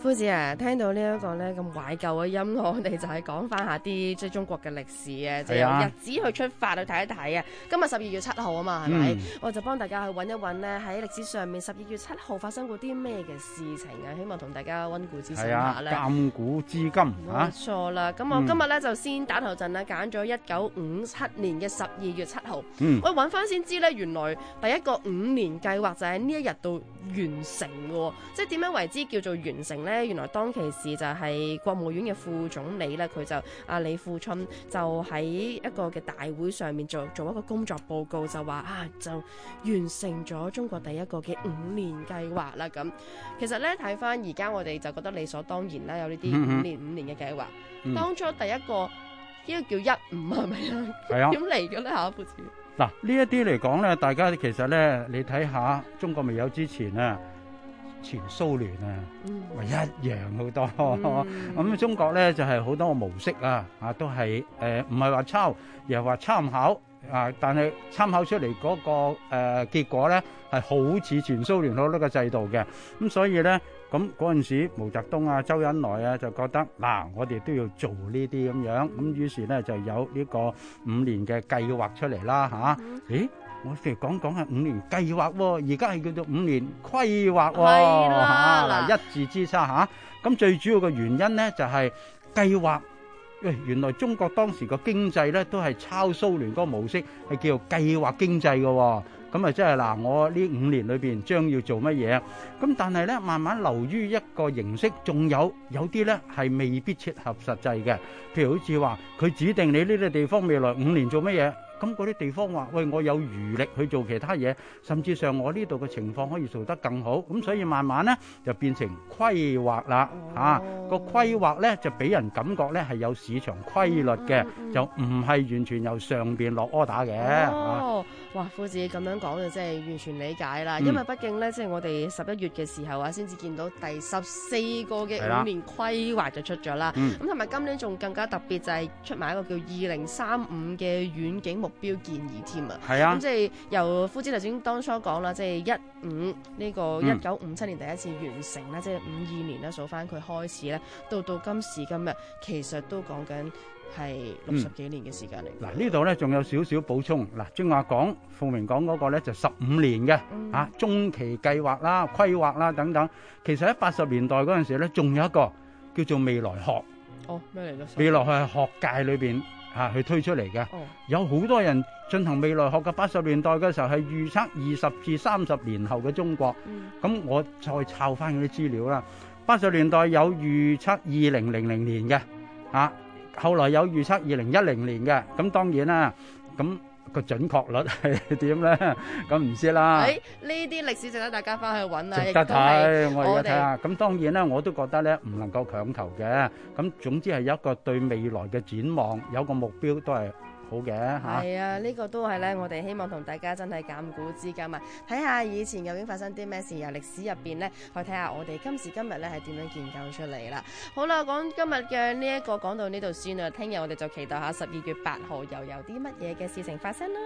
夫子啊，聽到呢一個咧咁懷舊嘅音樂，我哋就係講翻下啲即係中國嘅歷史啊，啊就用日子去出發去睇一睇啊。今日十二月七號啊嘛，係咪？嗯、我就幫大家去揾一揾咧，喺歷史上面十二月七號發生過啲咩嘅事情啊？希望同大家溫故知新下咧。啊、鑑古至今嚇，冇、啊、錯啦。咁我今日咧、嗯、就先打頭陣啦，揀咗一九五七年嘅十二月七號。我揾翻先知咧，原來第一個五年計劃就喺呢一日到完成嘅，哦，即係點樣為之叫做完成呢？原來當其時就係國務院嘅副總理咧，佢就阿、啊、李富春就喺一個嘅大會上面做做一個工作報告就，就話啊就完成咗中國第一個嘅五年計劃啦。咁其實呢，睇翻而家我哋就覺得理所當然啦，有呢啲五年嗯嗯五年嘅計劃。當初第一個呢、呢個叫一五係咪是啊？ 啊。點嚟嘅呢吓？富春。嗱，呢一啲嚟講咧，大家其實咧，你睇下中國未有之前啊，前蘇聯啊，咪、嗯、一樣好多。咁、 嗯、中國咧就係、是、好多模式啊，啊都係誒，唔係話抄，而係話參考。啊！但係參考出嚟嗰個誒結果咧，係好似前蘇聯嗰啲個制度嘅，咁所以咧，咁嗰陣時毛澤東啊、周恩來啊就覺得嗱，我哋都要做呢啲咁樣，咁於是咧就有呢個五年嘅計劃出嚟啦嚇。咦？我哋講講係五年計劃喎，而家係叫做五年規劃喎嚇，一字之差嚇。咁最主要嘅原因咧就係計劃。原來中國當時個經濟咧都係抄蘇聯嗰模式，係叫計劃經濟嘅喎。咁啊，即係嗱，我呢五年裏邊將要做乜嘢？咁但係咧，慢慢流於一個形式，仲有有啲咧係未必切合實際嘅。譬如好似話，佢指定你呢個地方未來五年做乜嘢？咁嗰啲地方話，喂，我有餘力去做其他嘢，甚至上我呢度嘅情況可以做得更好。咁所以慢慢呢，就變成規劃啦，吓個、oh. 啊、規劃呢，就俾人感覺呢，係有市場規律嘅，就唔係完全由上邊落柯打嘅。Oh. 啊。哇，夫子咁樣講就真係完全理解啦，嗯、因為畢竟呢，即係我哋十一月嘅時候啊，先至見到第十四個嘅五年規劃就出咗啦。咁同埋今年仲更加特別就係出埋一個叫二零三五嘅遠景目標建議添啊。係啊、嗯，即係由夫子頭先當初講啦，即係一五呢個一九五七年第一次完成啦，即係五二年啦，數翻佢開始咧，到到今時今日其實都講緊，係六十幾年嘅時間嚟。嗱，呢度咧，仲有少少補充。嗱，正話講，鳳明講嗰個咧就十五年嘅啊中期計劃啦、規劃啦等等。其實喺八十年代嗰陣時咧，仲有一個叫做未來學。好咩嚟？哦、未來學係學界裏邊啊去推出嚟嘅。哦、有好多人進行未來學嘅，八十年代嘅時候係預測二十至三十年後嘅中國。咁、嗯，我再抄翻佢啲資料啦。八十年代有預測二零零零年嘅，啊。後來有預測二零一零年嘅，咁當然啦，咁個準確率係點咧？咁唔知啦。誒，呢啲歷史值得大家翻去揾啊！值得睇，我哋睇下。咁當然咧，我都覺得咧唔能夠強求嘅。咁總之係有一個對未來嘅展望，有一個目標都係。好嘅，吓係啊！呢、啊，這個都係咧，我哋希望同大家真係鑑古知今啊，睇下以前究竟發生啲咩事，由歷史入邊咧，去睇下我哋今時今日咧係點樣研究出嚟啦。好啦，講今日嘅呢一個講到呢度先啦，聽日我哋就期待下十二月八號又有啲乜嘢嘅事情發生啦。